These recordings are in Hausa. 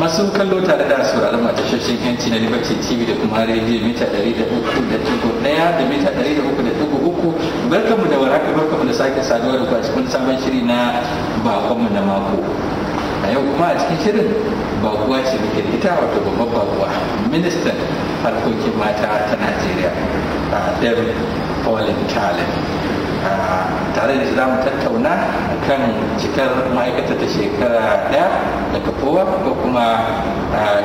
masu kallo tare da su mata shashin yanci na liberty tv da kuma rediyo mita 300.1 da mita 300.3 barkanmu da warhaka barkanmu da sake saduwa da a cikin sabon shiri na bakonmu na mako a yau kuma a cikin shirin bakuwa ce da ke ita wato babban bakuwa ministan harkokin mata ta najeriya a devin paulin talent tare da za mu tattauna kan cikar ma'aikata ta shekara ɗaya daga kowa ko kuma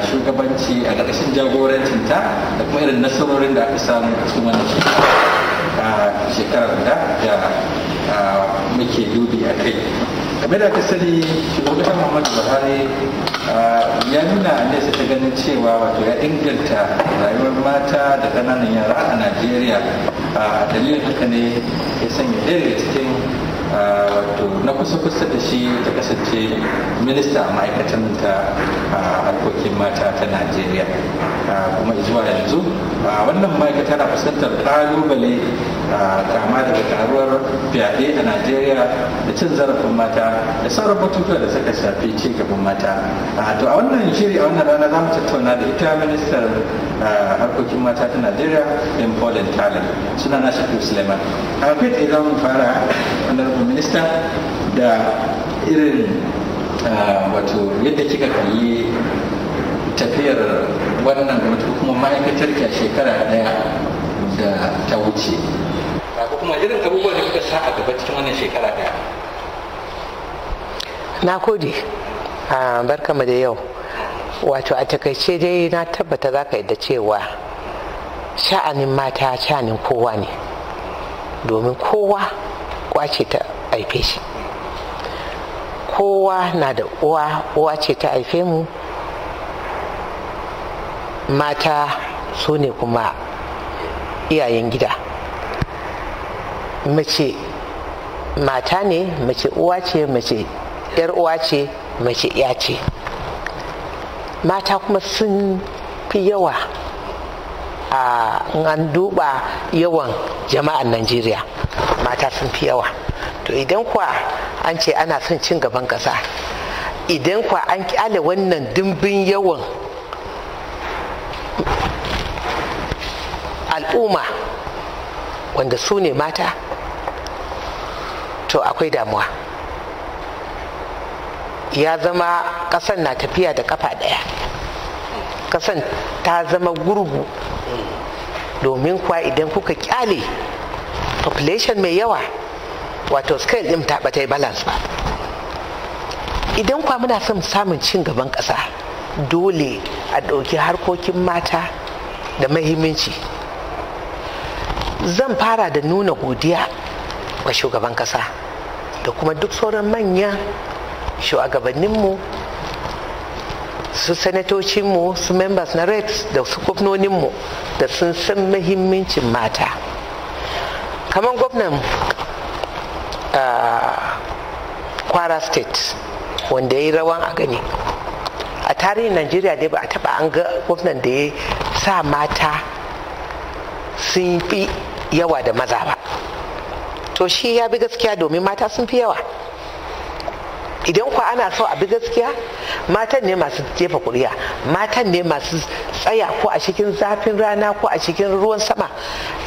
shugabanci a ƙarƙashin jagorancinta da kuma irin nasarorin da aka samu a cikin wannan shekara da da muke dubi a kai game da aka sani shugaban muhammadu buhari ya nuna nesa ta ganin cewa wato ya inganta rayuwar mata da ƙananan yara a najeriya dalilin haka ne ya sanya ɗaya daga cikin Uh, wato na kusa-kusa da shi ta kasance minista a ma'aikatan ta uh, harkokin mata ta najeriya uh, kuma zuwa yanzu wannan ma'aikata na fuskantar kalubale kama daga karuwar fyaɗe a najeriya da cin zarafin mata da sauran batutuwa da suka shafi ci gaban mata to a wannan shiri a wannan rana za mu tattauna da ita ministar harkokin mata ta najeriya in paulin talent suna na shafi suleiman a idan fara honorable minister da irin ah, wato yadda kika kalli tafiyar wannan gwamnati kuma ma'aikatar ke shekara daya da ta wuce ko kuma irin abubuwa da kuka sa a gaba cikin wannan shekara daya na gode ah, barkamu da yau wato a takaice dai na tabbata za ka yadda cewa sha'anin mata sha'anin kowa ne domin kowa kwace ta haife shi kowa na da uwa uwa ce ta haife mu mata su ne kuma iyayen gida mace mata ne mace uwa ce mace yar uwa ce mace iya ce mata kuma sun fi yawa a an duba yawan jama'an najeriya mata sun fi yawa to idan kuwa an ce ana son cin gaban ƙasa idan kuwa an kyale wannan dimbin yawan al'umma wanda su ne mata to akwai damuwa ya zama ƙasan na tafiya da ƙafa ɗaya ƙasan ta zama gurgu domin kuwa idan kuka kyale population mai yawa wato scale ɗin ta yi balance ba idan kwa muna son samun cin gaban kasa dole a ɗauki harkokin mata da mahimmanci zan fara da nuna godiya ga shugaban kasa da kuma duk sauran manyan shugabanninmu su sanatocinmu su members na reps da su gwamnoninmu da sun san mahimmancin mata kamar gwamnan ah, kwara state wanda ya yi rawan a gani a tarihin najeriya dai ba a taba an ga gwamnan da ya sa mata sun fi yawa da maza ba to shi ya bi gaskiya domin mata sun fi yawa idan kwa ana so a bi gaskiya matan ne masu jefa kuriya matan ne masu tsaya ko a cikin zafin rana ko a cikin ruwan sama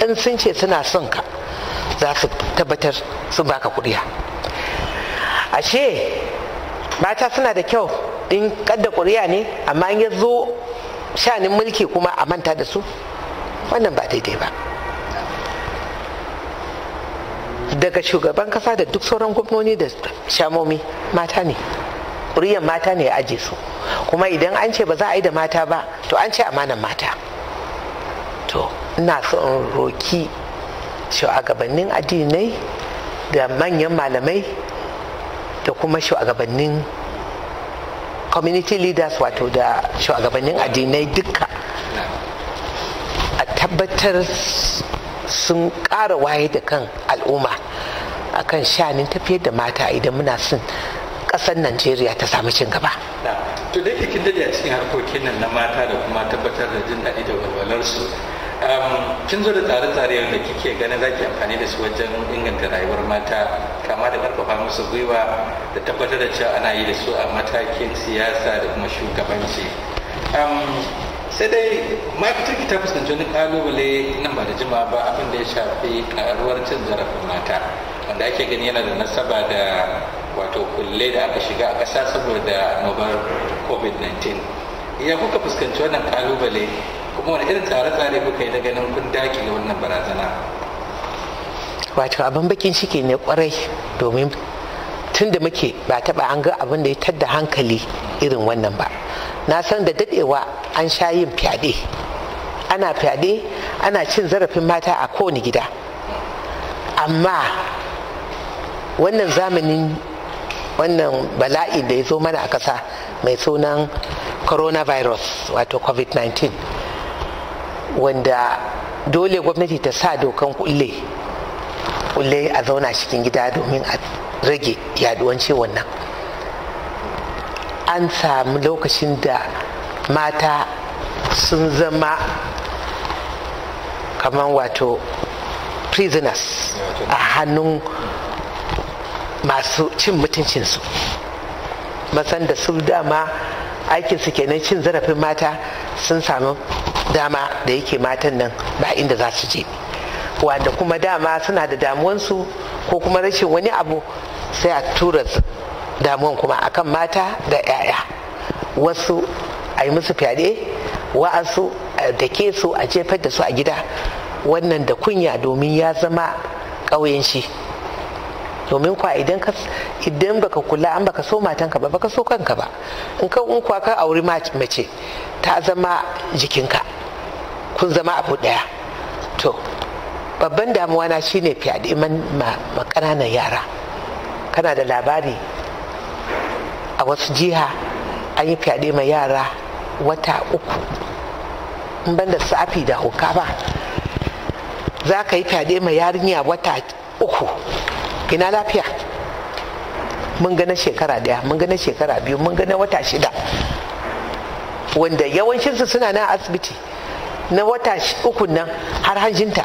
in sun ce suna son ka za su tabbatar sun baka kuriya ashe mata suna da kyau in kadda kuriya ne amma in ya zo shanin mulki kuma a manta da su wannan ba daidai ba daga shugaban kasa da duk sauran gwamnoni da shamomi mata ne ƙuriyan mata ne ya aje su kuma idan an ce ba za a yi da mata ba to an ce amanan mata to ina so roki shugabannin addinai da manyan malamai da kuma shugabannin community leaders wato da shugabannin addinai duka a tabbatar sun ƙara waye da kan al'umma akan shanin tafiyar da mata idan muna son ƙasar najeriya ta samu cin gaba to da yake kin dade a cikin harkokin nan na mata da kuma tabbatar da jin daɗi da walwalarsu kin zo da tsare-tsare da kike ganin zaki amfani da su wajen inganta rayuwar mata kama da karfafa musu gwiwa da tabbatar da cewa ana yi da su a matakin siyasa da kuma shugabanci sai dai ma'aikatar ki ta fuskanci wani kalubale nan ba da jima ba abin da ya shafi karuwar cin zarafin mata wanda ake gani yana da nasaba da wato kulle da aka shiga a ƙasa saboda annobar covid-19 ya kuka fuskanci wannan kalubale kuma irin tsare-tsare kuka yi na ganin kun ga wannan barazana wato abin bakin shike ne kwarai domin tun da muke ba taba an ga abin da ya tadda hankali irin wannan ba na san da dadewa an sha yin fyaɗe ana fyaɗe ana cin zarafin mata a kowane gida amma wannan zamanin wannan bala'i da ya zo mana a ƙasa mai sunan coronavirus wato covid-19 wanda dole gwamnati ta sa dokan kulle kulle a zauna cikin gida domin a rage yaduwan ciwon nan an samu lokacin da mata sun zama kamar wato prisoners a hannun masu cin mutuncinsu masan da su dama aikinsu kenan cin zarafin mata sun samu dama da yake matan nan ba inda za su je wanda kuma dama suna da damuwansu ko kuma rashin wani abu sai a tura damuwan kuma akan mata da 'ya'ya wasu a yi musu fyaɗe wa'ansu da ke su a jefar da su a gida wannan da kunya domin ya zama ƙauyen shi domin kwa idan idan baka kula an baka so matanka ba baka so kanka ba in ka in ka auri mace ta zama jikinka kun zama abu ɗaya to babban damuwa na shine fyaɗe man ma ƙananan yara kana da labari a wasu jiha an yi fyaɗe ma yara wata uku in ban da safi da hoka ba za ka yi fyaɗe ma yarinya wata uku ina lafiya mun gane shekara daya mun gane shekara biyu mun gane wata shida wanda yawancinsu suna na asibiti na wata uku nan har hanjinta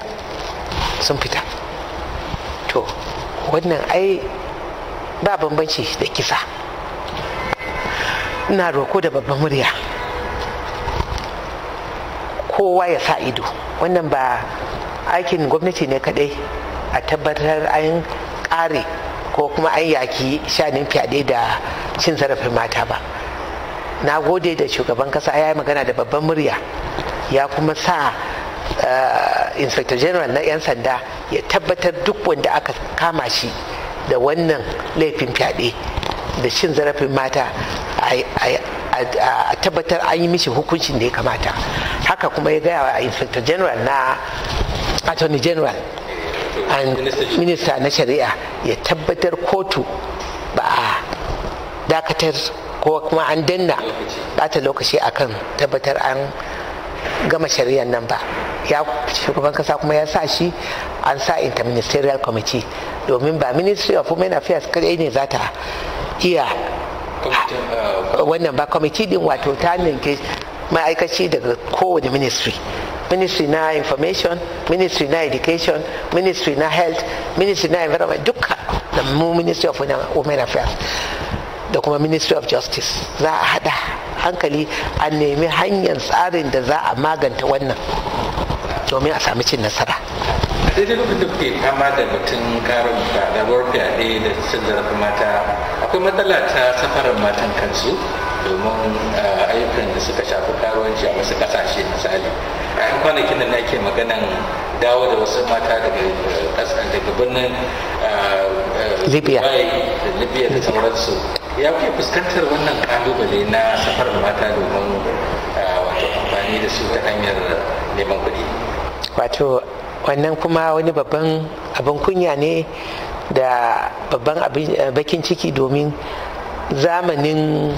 sun fita to wannan ai ba bambanci da kisa ina roko da babban murya kowa ya sa ido wannan ba aikin gwamnati ne kadai a tabbatar an kare ko kuma an yaki shanin fyaɗe da cin zarafin mata ba na gode da shugaban kasa ya yi magana da babban murya ya kuma sa eh, inspector general na 'yan sanda ya tabbatar duk wanda aka kama shi da wannan laifin fyaɗe da shin zarafin mata a tabbatar an yi mishi hukuncin da ya kamata haka kuma ya gaya wa inspector general na attorney general and minista na shari'a ya tabbatar kotu ba a dakatar ko kuma an danna ɓata lokaci akan tabbatar an gama shari'ar nan ba ya shugaban kasa kuma ya sa shi an sa interministerial committee domin ba ministry of women affairs kadai ne za ta iya uh, wannan ba committee din wato ta ninke ma'aikaci daga kowane ministry ministry na information ministry na education ministry na health ministry na environment duka da mu ministry of women affairs da kuma ministry of justice za a hada hankali a nemi hanyar tsarin da za a maganta wannan domin a sami cin nasara daidai lokacin da kuke fama da batun karin faɗaɗar fyaɗe da cin zarafin mata akwai matsala ta safarar matan kansu domin ayyukan da suka shafi karuwanci a wasu ƙasashe misali a yan kwanakin da nake maganan dawo da wasu mata daga birnin libya libya da sauransu ya kuke fuskantar wannan kalubale na safar mata domin ah, wato amfani da su ta hanyar neman kuɗi wato wannan kuma wani babban abin kunya ne da babban eh, bakin ciki domin zamanin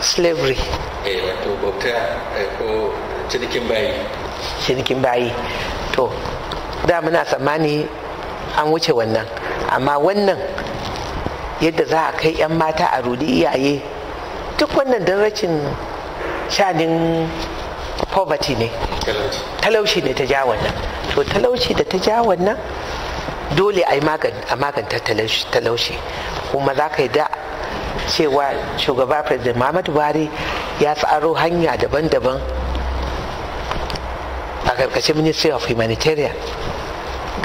slavery eh wato bauta eh, ko cinikin bayi cinikin bayi to da muna tsammani an wuce wannan amma wannan yadda za a kai 'yan mata a rudi iyaye duk wannan don rashin shanin poverty ne talaushi ne ta ja wannan to talauci da ta ja wannan dole a maganta talauci kuma za ka yi da cewa shugaba president muhammadu buhari ya tsaro hanya daban-daban a karkashin ministry of humanitarian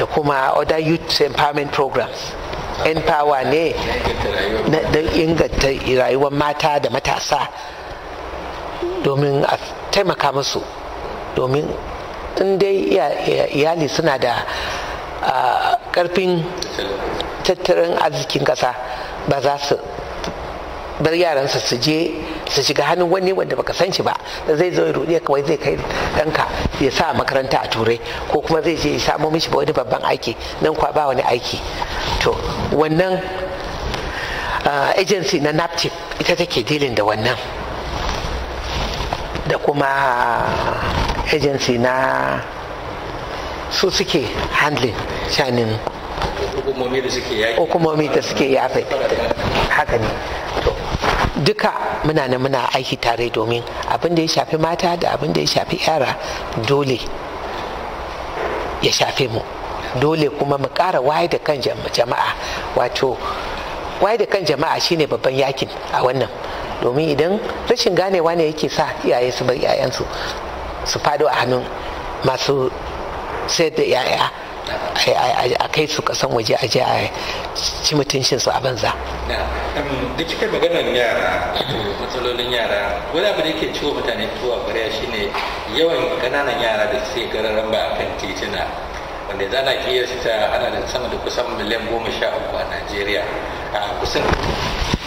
da kuma other youth empowerment programs empower ne don inganta rayuwar mata da matasa domin a taimaka musu domin in dai iyali suna da karfin tattalin arzikin kasa ba za su bar yaransa su je su shiga hannun wani wanda baka san shi ba da zai zo ya roɗe kawai zai kai ɗanka ya sa makaranta a turai ko kuma zai je ya samo mishi wani babban aiki nan kwa ba wani aiki to wannan ah, agency na naptip ita take dilin da wannan da kuma agency na su suke handling shanin hukumomi da suke yafe haka ne duka muna nan muna aiki tare domin abin da ya shafi mata da abin da ya shafi yara dole ya shafe mu dole kuma mu kara waye da kan jama'a wato waye da kan jama'a shine babban yakin a wannan domin idan rashin ganewa ne yake sa iyaye su bar 'ya'yansu su fado a hannun masu sayar da 'ya'ya a kai su kasan waje a je a ci mutuncin su a banza da kika maganar yara matsalolin yara wani abu da yake ciwo mutane tuwa shi shine yawan ƙananan yara da suke gararan ba a kan titina wanda za na ta ana da sama da kusan miliyan goma sha uku a najeriya kusan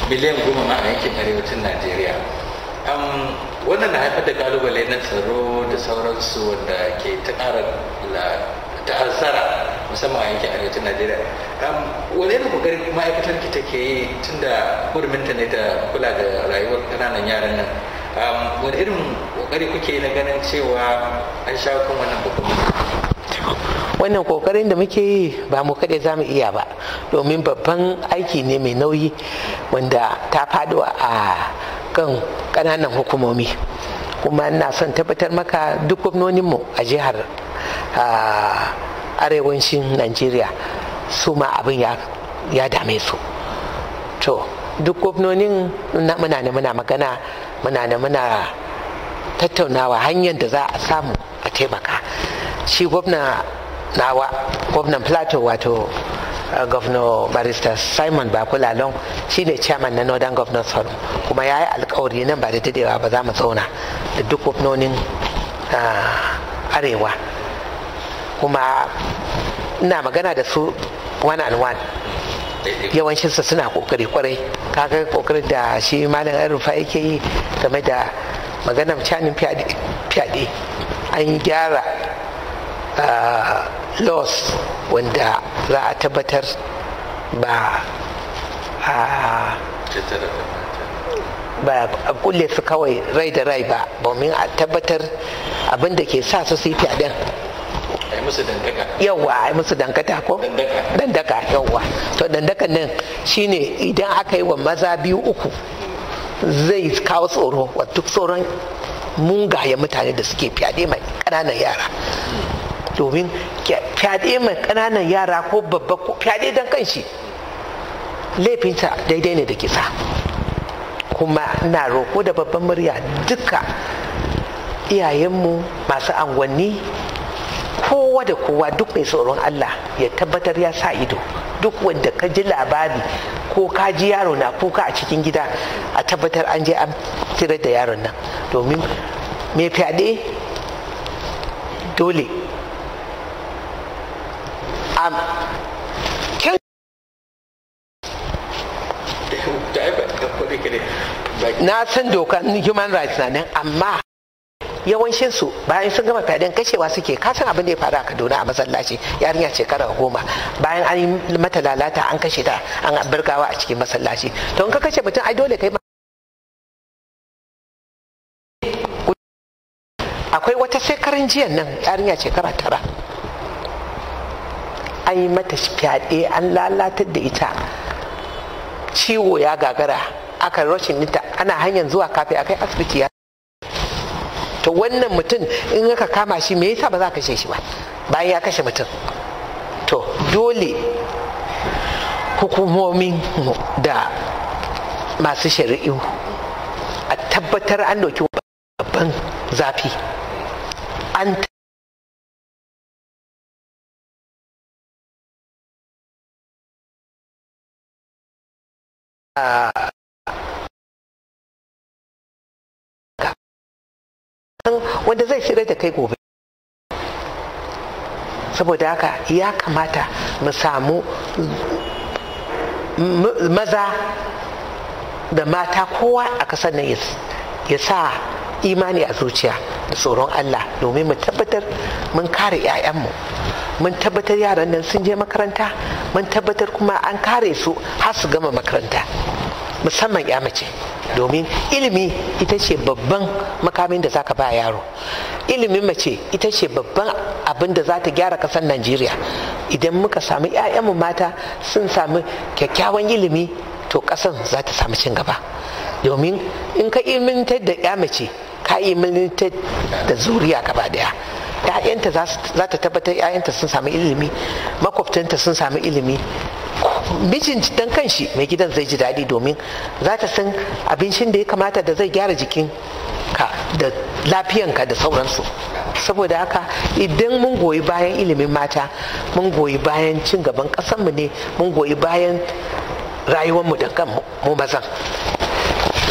miliyan goma ma a yankin arewacin najeriya wannan na haifar da kalubale na tsaro da sauransu wanda ke ta ƙara ta hasara musamman a yankin arewacin najeriya wani irin kokarin ma'aikatar ki take yi tun da huruminta ne ta kula da rayuwar kananan yaran nan wani irin kokari kuke na ganin cewa an shawo kan wannan babban wannan kokarin da muke yi ba mu kaɗai za mu iya ba domin babban aiki ne mai nauyi wanda ta fado a kan ƙananan hukumomi kuma ina son tabbatar maka duk gwamnoninmu a jihar a arewacin najeriya su ma abin ya dame su to duk gwamnonin muna ne muna magana muna ne muna tattaunawa hanyar da za a samu a taimaka shi gwamna nawa gwamnan plateau wato Uh, governor barista simon shi shine chairman na northern governors forum kuma ya yi alkawari nan ba da dadewa ba za mu zauna da duk gwamnonin arewa kuma ina magana da su one on one yawancinsa suna kokari kwarai kaga kokari da shi malin arufa yake yi game da maganar canin fyaɗe an gyara ah, laws wanda za a tabbatar ah, ba a kulle su kawai rai da rai ba domin a tabbatar abin da ke sa su su yi fyaɗen yawwa ai musu dangata ko dandaka yawwa to dandakan nan shine idan aka yi wa maza biyu uku zai kawo tsoro wa duk tsoron mungaye mutane da suke fyaɗe mai ƙananan yara domin fyaɗe mai ƙananan yara ko babba ko fyaɗe don kanshi laifinta daidai ne da kisa kuma na roko da babban murya duka iyayenmu masu angwanni kowa da kowa duk mai tsoron Allah ya tabbatar ya sa ido duk wanda ka ji labari ko ka ji yaro na kuka a cikin gida a tabbatar an je an tirar da yaron nan domin mai fyaɗe dole na san doka human rights na nan amma su bayan sun gama fyaɗen kashewa suke kasan abin da ya faru a kaduna a masallaci yarinya shekara goma bayan an yi mata lalata an kashe ta an burgawa a cikin masallaci to in ka kashe mutum ai dole kai akwai wata shekarun jiyan nan yarinya shekara tara an yi mata fyaɗe an lalatar da ita ciwo ya gagara aka rashin nita ana hanyar zuwa kafin akai asibiti ya to wannan mutum in aka kama shi me yasa ba za ka kashe shi ba bayan ya kashe mutum to dole hukumomin da masu shari'u a tabbatar an dauki babban zafi an Uh, wanda zai shirya da kai gobe saboda haka ya kamata mu samu maza da mata kowa a ƙasar nan ya sa imani a zuciya da tsoron Allah domin mu tabbatar mun kare 'ya'yanmu mun tabbatar yaran nan sun je makaranta mun tabbatar kuma an kare su har su gama makaranta musamman ya mace domin ilimi ita ce babban makamin da zaka ba yaro ilimin mace ita ce babban abin da za ta gyara kasar najeriya idan muka samu 'ya'yanmu mata sun samu kyakkyawan ilimi to kasan za ta samu cin gaba domin in ka ilmantar da ya mace ka ilmantar da zuriya gaba daya 'ya'yanta za ta tabbatar 'ya'yanta sun sami ilimi makwabtanta sun sami ilimi mijin dan kanshi mai gidan zai ji daɗi domin za ta san abincin da ya kamata da zai gyara jikin ka da lafiyanka da sauransu saboda haka idan mun goyi bayan ilimin mata mun goyi bayan cin gaban ƙasanmu ne mun goyi bayan rayuwarmu da kanmu mazan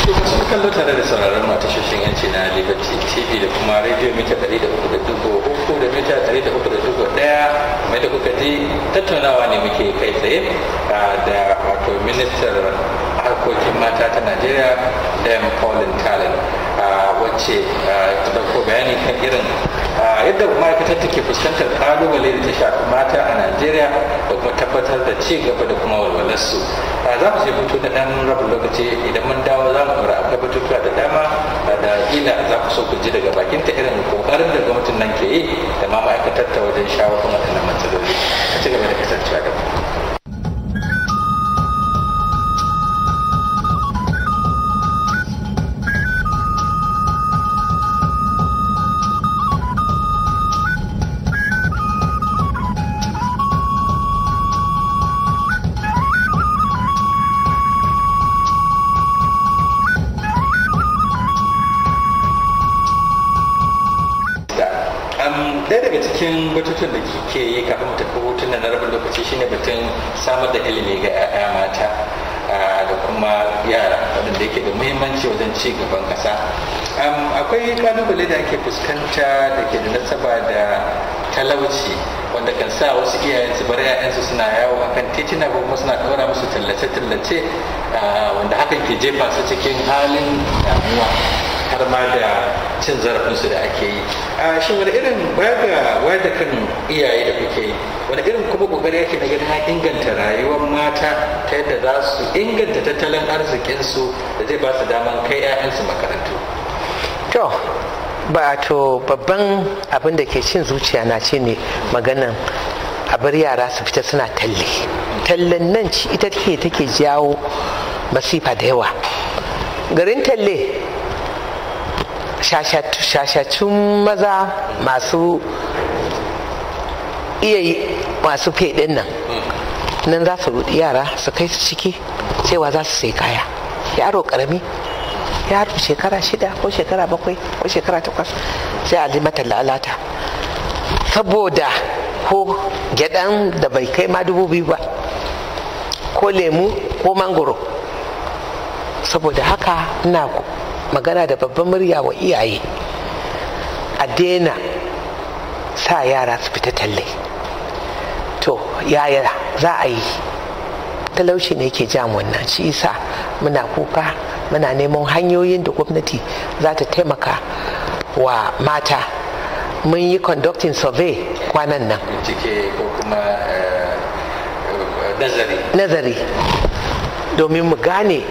sun kallo tare da sauraron mata shashin yanci na liberty tv da kuma radio mita 300.3 da mita 300.1 mai da kuka ji tattaunawa ne muke kai tsaye da wato ministar harkokin mata ta najeriya dan paulin talent wacce ta dauko bayani kan irin yadda ma'aikatar take fuskantar kalubale da ta shafi mata a najeriya da kuma tabbatar da ci gaba da kuma walwalarsu za mu je fito da ɗan rabin lokaci idan mun dawo za mu ɗora akwai batutuwa da dama da kila za ku so ku ji daga bakin ta irin kokarin da gwamnatin nan ke yi da ma ma'aikatar ta wajen shawo kan waɗannan matsaloli a ci gaba da kasancewa da mu ɗaya daga cikin batutun da ke yi kafin mu tafi hutun na rabin lokaci shine batun samar da ilimi ga 'ya'ya mata da kuma yara waɗanda yake da muhimmanci wajen ci gaban ƙasa akwai kalubale da ake fuskanta da ke da nasaba da talauci wanda kan sa wasu iyayen su bar yayansu suna yawo akan titina ko kuma suna ɗora musu tallace-tallace wanda hakan ke jefa su cikin halin damuwa har ma da cin zarafinsu da ake yi a shin wani irin baya ga wayar da kan iyaye da kuke yi wani irin kuma kokari yake na ganin inganta rayuwar mata ta yadda za su inganta tattalin arzikinsu da zai ba su daman kai 'ya'yansu makarantu to ba to babban abin da ke cin zuciya na ce ne maganan a bar yara su fita suna talle tallen nan ita take take jawo masifa da yawa garin talle shashacin maza masu iya masu feɗin nan nan za su yara su kai su ciki cewa za su sai kaya yaro karami yaro shekara shida ko shekara bakwai ko shekara takwas sai a mata lalata saboda ko gyaɗan da bai kai ma dubu biyu ba ko lemu ko mangoro saboda haka ina magana da babban murya wa iyaye a daina sa yara su fita talle to yaya za a yi talauci ne ke jam wannan shi isa muna kuka muna neman hanyoyin da gwamnati za ta taimaka wa mata mun yi conducting survey kwanan nan eh, eh, nazari domin mu gane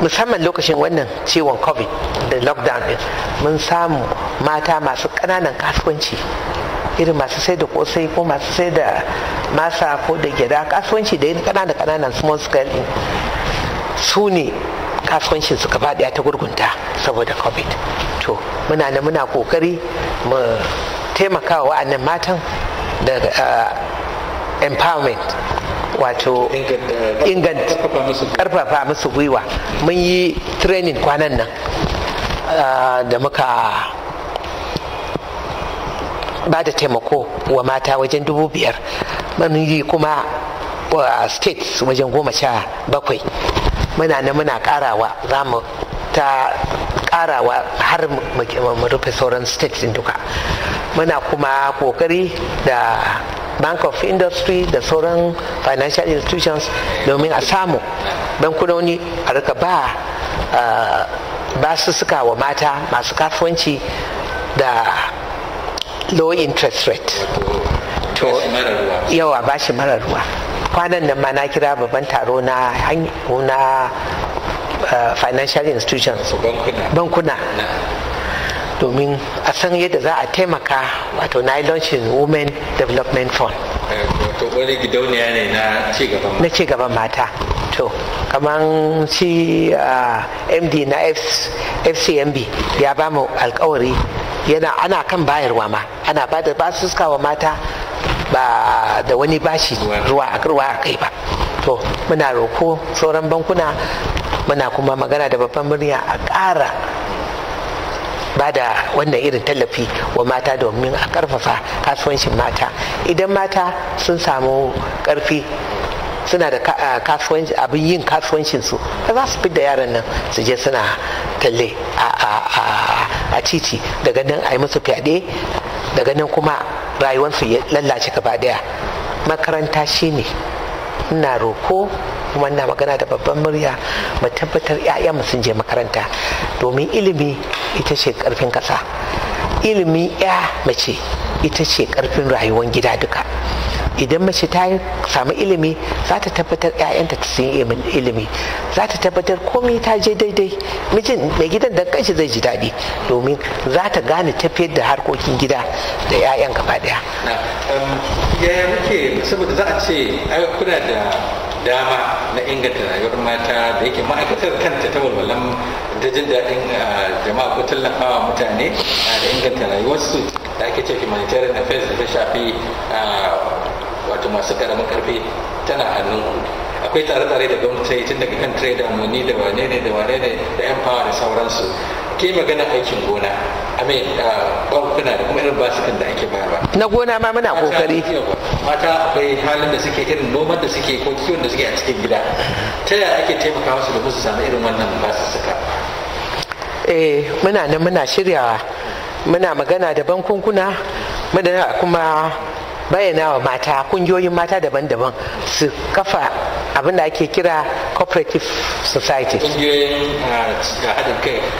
musamman lokacin wannan ciwon covid da lockdown din mun samu mata masu ƙananan kasuwanci irin masu sai da kosai ko masu sai da masa ko da gyada kasuwanci da yin ƙananan ƙananan small scale din su ne kasuwancin su gaba daya ta gurgunta saboda covid to muna da muna kokari mu taimaka wa wa'annan matan da ah, empowerment wato inganta karfafa musu gwiwa mun yi training kwanan nan ah, da muka ba da taimako wa mata wajen dubu biyar mun yi kuma states wajen goma sha bakwai muna na muna karawa za mu ta karawa har mu rufe sauran states din duka muna kuma kokari da bank of industry da sauran financial institutions domin a samu bankunoni a rika ba ba su suka wa mata masu kasuwanci da low interest rate to yawa ba shi marar ruwa kwanan nan ma na kira babban taro na eh, financial institutions bankuna domin a san yadda za a taimaka wato na launching women development fund wato wani gidauniya ne na cigaban na cigaban mata to kaman shi ah, md na fcmb ya ba mu alkawari yana ana kan bayarwa ma ana ba da wa mata ba da wani bashi ruwa a ruwa a kai ba to muna roko sauran bankuna muna kuma magana da babban murya a ƙara ba da wannan irin tallafi wa mata domin a karfafa kasuwancin mata idan mata sun samu karfi suna da ah, kasuwanci abin yin kasuwancin su za su da yaran nan su je suna talle a titi, daga nan a yi musu fyaɗe daga nan kuma rayuwarsu ya lallace gaba daya makaranta shine ina roko kuma ina magana da babban murya mu tabbatar 'ya'yanmu sun je makaranta domin ilimi ita ce karfin ƙasa ilimi 'ya mace ita ce karfin rayuwar gida duka idan mace ta samu ilimi za ta tabbatar 'ya'yanta ta sun ilimi za ta tabbatar komai ta je daidai mijin mai gidan da kanshi zai ji daɗi domin za ta gane tafiyar da harkokin gida da 'ya'yan gaba ɗaya. Um, yaya muke saboda za a ce ai kuna da dama na inganta rayuwar mata da yake ma'aikatar kanta ta walwalan da jin daɗin jama'a ko tallafawa mutane da inganta rayuwarsu da ake ce humanitarian affairs da ta shafi wato masu karamin karfi tana hannun akwai tsare-tsare tare da gwamnati tun daga kan trader muni da wane ne da wane ne da yan fawa da sauransu ke magana aikin gona amin da kuma irin basukan da ake bayarwa na gona ma muna kokari mata akwai halin da suke irin noman da suke ko kiwon da suke a cikin gida ta yaya ake taimaka musu da musu samu irin wannan basussuka eh muna nan muna shiryawa muna magana da bankunkuna muna kuma bayyana wa mata kungiyoyin mata daban-daban su kafa abin da ake kira cooperative society ah,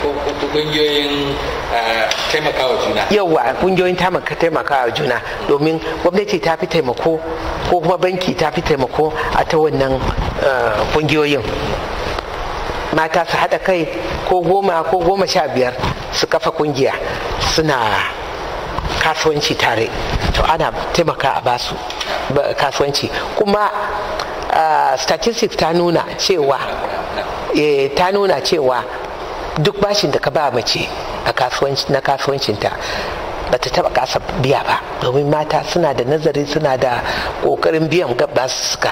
ko kungiyoyin ah, taimakawa juna domin gwamnati ta fi taimako ko kuma banki ta fi taimako a ta wannan ah, kungiyoyin mata su haɗa kai ko goma ko goma sha biyar su kafa kungiya suna kasuwanci tare to ana taimaka a basu kasuwanci kuma statistics ta nuna cewa eh, ta nuna cewa duk bashin da ka ba mace na kasuwancinta ba ta taba kasa biya ba domin mata suna da nazari suna da kokarin biyan gaba suka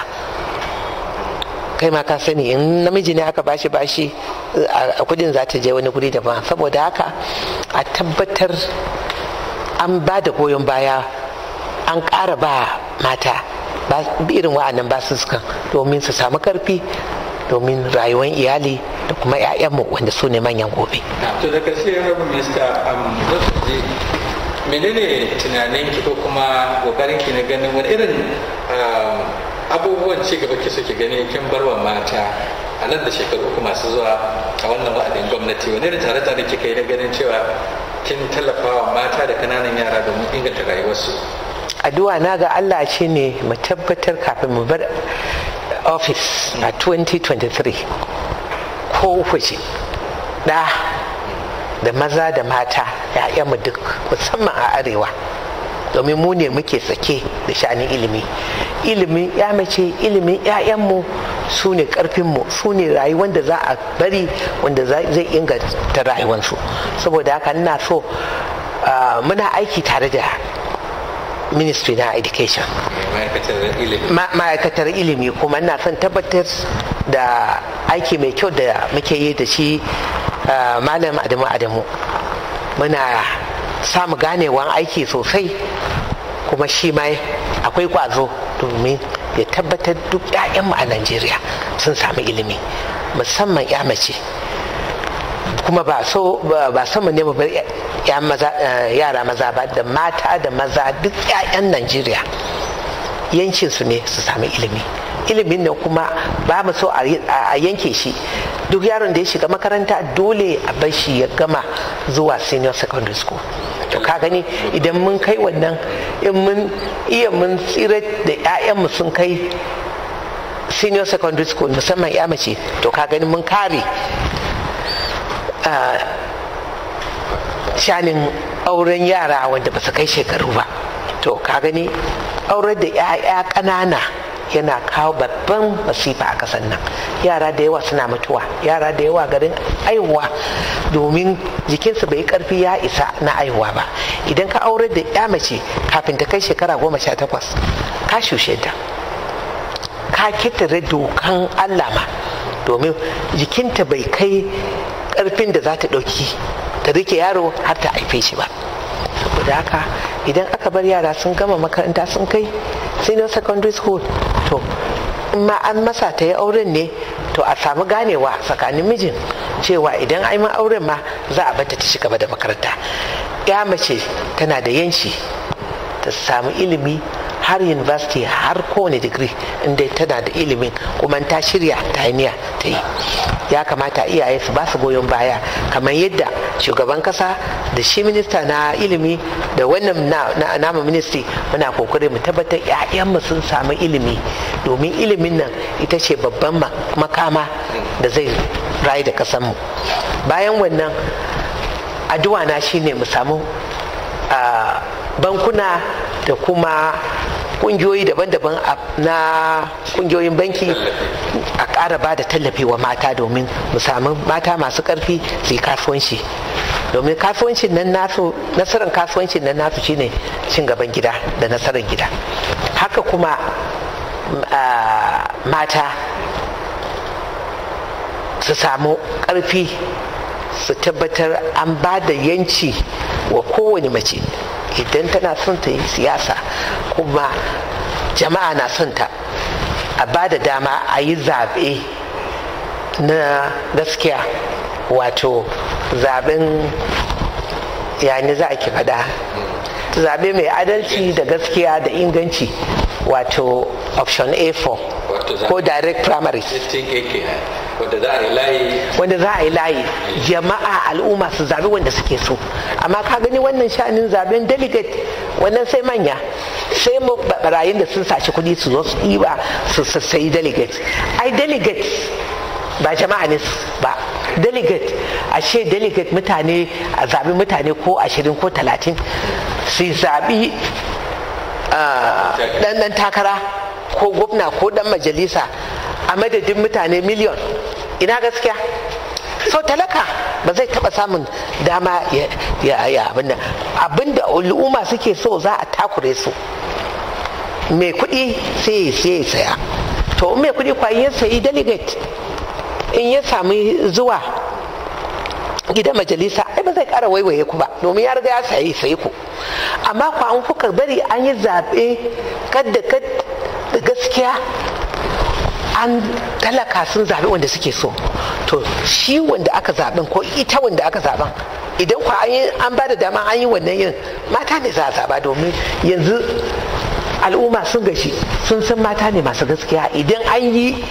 kai ma ka sani in namiji ne aka bashi bashi a kudin za ta je wani guri daban saboda haka a tabbatar an ba da goyon baya an ƙara ba mata irin wa'annan suka domin su samu karfi domin rayuwar iyali da kuma 'ya'yanmu wanda su ne manyan gobe. to da ya rabu mista minista menene tunanin ki ko kuma kokarin ki na ganin wani irin uh, abubuwan ci gaba ki suke gani kin barwa mata a nan da shekaru uku masu zuwa a wannan wa'adin gwamnati wani irin tare-tare kika yi na ganin cewa kin tallafa wa mata da kananan yara domin inganta rayuwarsu addu'a na ga Allah shi ne mu tabbatar kafin mu bar office a 2023 ko waje da da maza da mata mu duk musamman a arewa domin mu ne muke sake da shani ilimi ilimin ya mace ilimin 'ya'yanmu su ne karfinmu su ne rayuwar da za a bari wanda zai inganta rayuwarsu saboda haka ina so ah, muna aiki tare da ministry na education ma'aikatar ilimi kuma ina son tabbatar da aiki mai kyau da muke yi da shi ah, malam adamu adamu muna samu ganewan aiki sosai kuma shi ma akwai kwazo domin ya tabbatar duk 'ya'yanmu a najeriya sun samu ilimi musamman ya mace kuma ba so ba sama ne mu bar eh, yara maza ba da mata da maza duk 'ya'yan najeriya yancin ne su sami ilimi ilimin nan kuma ba mu so a yanke shi duk yaron da ya shiga makaranta dole a bar shi ya gama zuwa senior secondary school to ka gani idan mun kai wannan in mun iya mun tsira da mu sun kai senior secondary school musamman ya mace to ka gani mun kare shanin auren yara wanda ba su kai shekaru ba to ka gani auren da 'ya'ya ƙanana yana kawo babban masifa a ƙasar nan yara da yawa suna mutuwa yara da yawa garin aiwa domin jikinsu bai karfi ya isa na aiwa ba idan ka aurar da ya mace kafin ta kai shekara goma sha takwas ka shushe ta ka kitare dokan allah ma domin jikinta bai kai ƙarfin da za ta ɗauki ta rike yaro har ta haife shi ba saboda haka idan aka bar yara sun gama makaranta sun kai senior secondary school to ma an masa ta yi auren ne to a samu ganewa tsakanin mijin cewa idan an ma auren ma za a bata ta ci gaba da makaranta ya mace tana da yanci ta samu ilimi har university har kowane digiri inda tana da ilimin kuma ta shirya ta niyya ta yi ya kamata iyaye su ba su goyon baya kamar yadda shugaban kasa da shi minista na ilimi da wannan nama ministry muna kokari mu tabbatar 'ya'yanmu sun samu ilimi domin ilimin nan ita ce babban makama da zai rayu da kasanmu bayan wannan addu'a na shine mu samu ah, bankuna da kuma kungiyoyi daban-daban na kungiyoyin banki a ƙara ba da tallafi wa mata domin mu samu mata masu ƙarfi su yi kasuwanci domin kasuwancin nan nasu nasarar kasuwancin nan nasu shine cin gaban gida da nasarar gida haka kuma mm, mata su samu ƙarfi su tabbatar an ba da yanci wa kowane mace idan tana son ta yi siyasa kuma jama'a na son ta a ba da dama a yi zaɓe na gaskiya wato zaɓen yani za a ki faɗa zaɓe mai adalci da gaskiya da inganci wato option a4 ko direct primaries wanda za a yi layi jama'a al'umma su zabi wanda suke so amma ka gani wannan sha'anin zaben delegate wannan sai manya sai mu barayin da sun saci kuɗi su zo su ɗiba su sai delegate ai delegate ba jama'a ne ba delegate ashe delegate mutane a zabi mutane ko ashirin ko talatin su zabi ah, ɗan takara ko gwamna ko dan majalisa a madadin mutane miliyon ina gaskiya sau talaka ba zai taba samun dama ya abinda abinda al'umma suke so za a takure su mai kudi sai ya saya to mai kudi kwa ya sayi delegate in ya sami zuwa gidan majalisa ai ba zai kara waiwaye ku ba domin ya riga ya sayi sayi ku amma kwa an kuka bari an yi zaɓe kadda kad da gaskiya an talaka sun zaɓi wanda suke so to shi wanda aka zaɓen ko ita wanda aka zaɓen idan kwa an ba da dama an yi wannan yin mata ne za a zaɓa domin yanzu al'umma sun gashi sun san mata ne masu gaskiya idan an yi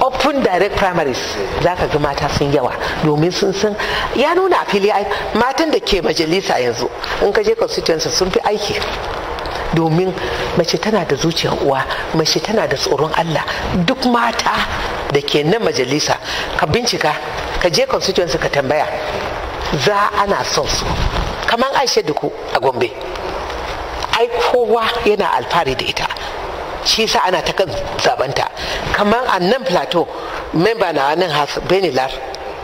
open direct primaries za ka ga mata sun yawa domin sun san ya nuna a fili matan da ke majalisa yanzu in ka je constituency sun fi aiki domin mace tana da zuciyar uwa mace tana da tsoron Allah duk mata da ke nan majalisa ka bincika ka je constituency ka tambaya za ana son su kamar aisha duku a gombe ai kowa yana alfahari da ita shi sa ana ta kan zabanta kamar a nan plateau memba na nan has benilar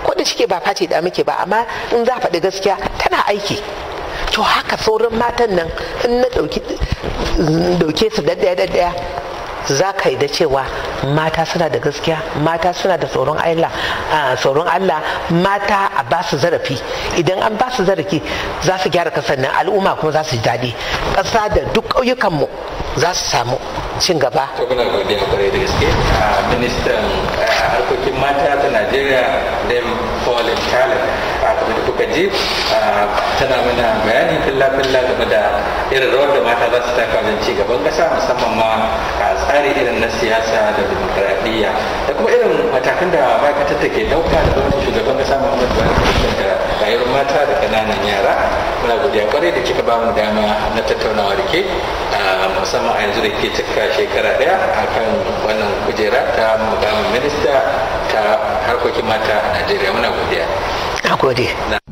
ko da ke ba fati da muke ba amma in za faɗi gaskiya tana aiki to haka sauran matan nan in na dauke su dadaya daddaya za ka yi da cewa mata suna da gaskiya mata suna da tsoron Allah mata a ba su zarafi idan an ba su zarafi za su gyara kasar nan al'umma kuma za su ji daɗi ƙasa da duk ƙauyukanmu za su samu cin gaba. mata ta Najeriya a tana mana bayani filla-filla game da irin rawar da mata za su taka wajen ci gaban kasa musamman ma a tsari irin na siyasa da demokradiyya da kuma irin matakan da ma'aikatar da ke da gwamnatin shugaban kasa Muhammadu Buhari da rayuwar mata da kananan yara muna godiya kwarai da kika bamu dama na tattaunawa da ke musamman a yanzu da ke cika shekara ɗaya akan wannan kujera ta mugamin minista ta harkokin mata a Najeriya muna godiya. Na gode.